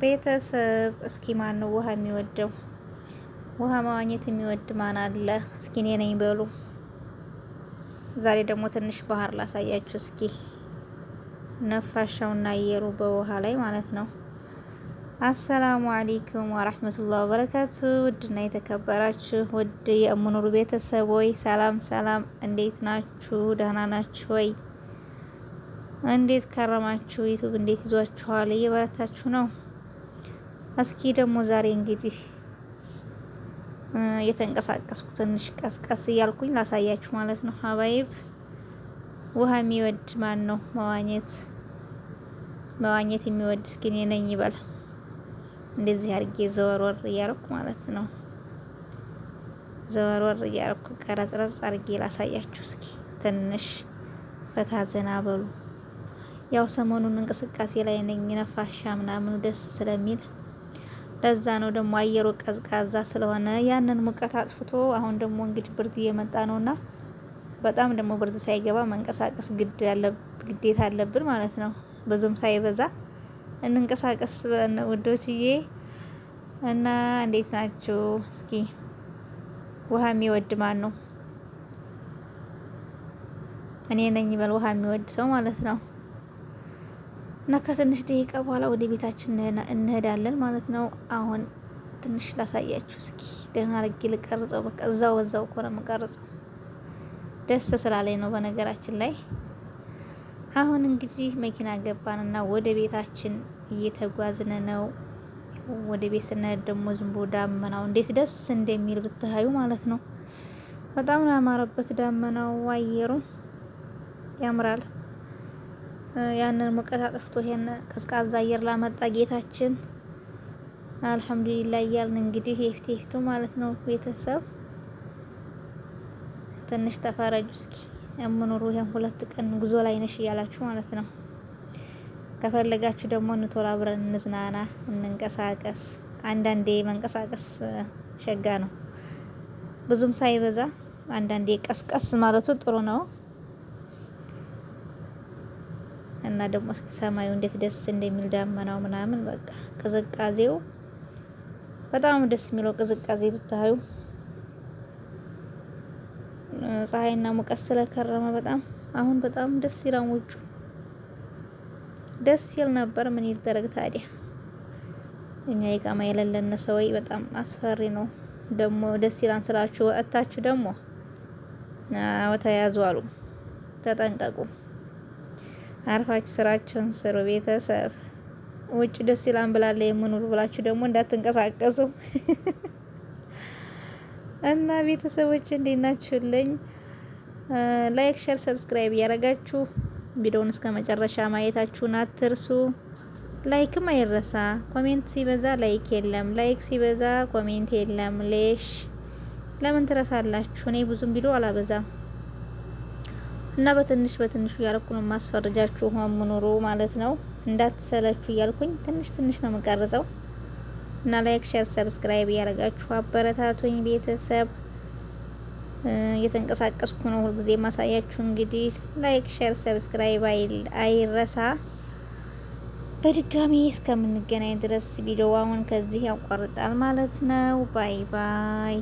ቤተሰብ እስኪ ማን ነው ውሃ የሚወደው? ውሃ መዋኘት የሚወድ ማን አለ? እስኪ እኔ ነኝ በሉ። ዛሬ ደግሞ ትንሽ ባህር ላሳያችሁ እስኪ ነፋሻውና አየሩ በውሃ ላይ ማለት ነው። አሰላሙ አለይኩም ወራህመቱላሂ ወበረካቱ። ውድና የተከበራችሁ ውድ የእሙኑሩ ቤተሰብ ወይ ሰላም ሰላም፣ እንዴት ናችሁ? ደህና ናችሁ ወይ? እንዴት ከረማችሁ? ዩቱብ እንዴት ይዟችኋል? እየበረታችሁ ነው? እስኪ ደግሞ ዛሬ እንግዲህ የተንቀሳቀስኩ ትንሽ ቀስቀስ እያልኩኝ ላሳያችሁ ማለት ነው። ሀባይብ ውሃ የሚወድ ማን ነው? መዋኘት መዋኘት የሚወድ እስኪን የነኝ ይበል። እንደዚህ አድርጌ ዘወርወር እያልኩ ማለት ነው። ዘወርወር እያልኩ ቀረጽረጽ አድርጌ ላሳያችሁ እስኪ ትንሽ ፈታ ዘና በሉ። ያው ሰሞኑን እንቅስቃሴ ላይ ነኝ። ነፋሻ ምናምኑ ደስ ስለሚል ለዛ ነው ደግሞ አየሩ ቀዝቃዛ ስለሆነ ያንን ሙቀት አጥፍቶ አሁን ደግሞ እንግዲህ ብርድ እየመጣ እና በጣም ደግሞ ብርድ ሳይገባ መንቀሳቀስ ግድ ግዴታ አለብን ማለት ነው። ብዙም ሳይበዛ እንንቀሳቀስ ውዶችዬ። እና እንዴት ናችሁ? እስኪ ውሃ የሚወድ ማን ነው? እኔ ነኝ በል ውሃ የሚወድ ሰው ማለት ነው። እና ከትንሽ ደቂቃ በኋላ ወደ ቤታችን እንሄዳለን ማለት ነው። አሁን ትንሽ ላሳያችሁ እስኪ ደህና አድርጌ ልቀርጸው። በቃ እዛው በዛው እኮ ነው የምቀርጸው፣ ደስ ስላለኝ ነው። በነገራችን ላይ አሁን እንግዲህ መኪና ገባንና ወደ ቤታችን እየተጓዝን ነው። ወደ ቤት ስናሄድ ደግሞ ዝንቦ ዳመናው እንዴት ደስ እንደሚል ብትሀዩ ማለት ነው። በጣም ነው ያማረበት ዳመናው፣ አየሩ ያምራል። ያንን ሙቀት አጥፍቶ ይሄን ቀዝቃዛ አየር ላመጣ ጌታችን አልሐምዱሊላህ እያልን እንግዲህ የፊት የፊቱ ማለት ነው ቤተሰብ ትንሽ ተፈረጁ እስኪ የምኖሩ ይሄን ሁለት ቀን ጉዞ ላይ ነሽ እያላችሁ ማለት ነው። ከፈለጋችሁ ደግሞ እንቶላ አብረን እንዝናና፣ እንንቀሳቀስ። አንዳንዴ መንቀሳቀስ ሸጋ ነው። ብዙም ሳይበዛ አንዳንዴ ቀስቀስ ማለቱ ጥሩ ነው። ደግሞ እስከ ሰማዩ እንዴት ደስ እንደሚል ዳመናው ምናምን በቃ ቅዝቃዜው በጣም ደስ የሚለው ቅዝቃዜ ብታዩ ፀሐይና ሙቀት ስለከረመ በጣም አሁን በጣም ደስ ይላል። ውጩ ደስ ይል ነበር። ምን ይደረግ ታዲያ እኛ ይቃማ የሌለን ሰውዬ በጣም አስፈሪ ነው። ደግሞ ደስ ይላል ስላችሁ ወጣችሁ ደግሞ አዎ ተያዙ አሉ። ተጠንቀቁ። አርፋችሁ ስራችሁን ስሩ ቤተሰብ። ውጭ ደስ ይላል ብላለ የምኑር ብላችሁ ደግሞ እንዳትንቀሳቀሱ እና ቤተሰቦች እንዴት ናችሁልኝ? ላይክ፣ ሼር፣ ሰብስክራይብ እያረጋችሁ ቪዲዮውን እስከ መጨረሻ ማየታችሁን አትርሱ። ላይክም አይረሳ። ኮሜንት ሲበዛ ላይክ የለም፣ ላይክ ሲበዛ ኮሜንት የለም። ሌሽ ለምን ትረሳላችሁ? እኔ ብዙም ቢሉ አላበዛም። እና በትንሽ በትንሹ እያልኩ ነው ማስፈረጃችሁ ሆም ኑሮ ማለት ነው። እንዳትሰለችሁ እያልኩኝ ትንሽ ትንሽ ነው የምቀርጸው እና ላይክ፣ ሼር፣ ሰብስክራይብ እያደረጋችሁ አበረታቱኝ ቤተሰብ። እየተንቀሳቀስኩ ነው ሁልጊዜ ማሳያችሁ። እንግዲህ ላይክ፣ ሼር፣ ሰብስክራይብ አይረሳ። በድጋሚ እስከምንገናኝ ድረስ ቪዲዮውን ከዚህ ያቋርጣል ማለት ነው። ባይ ባይ።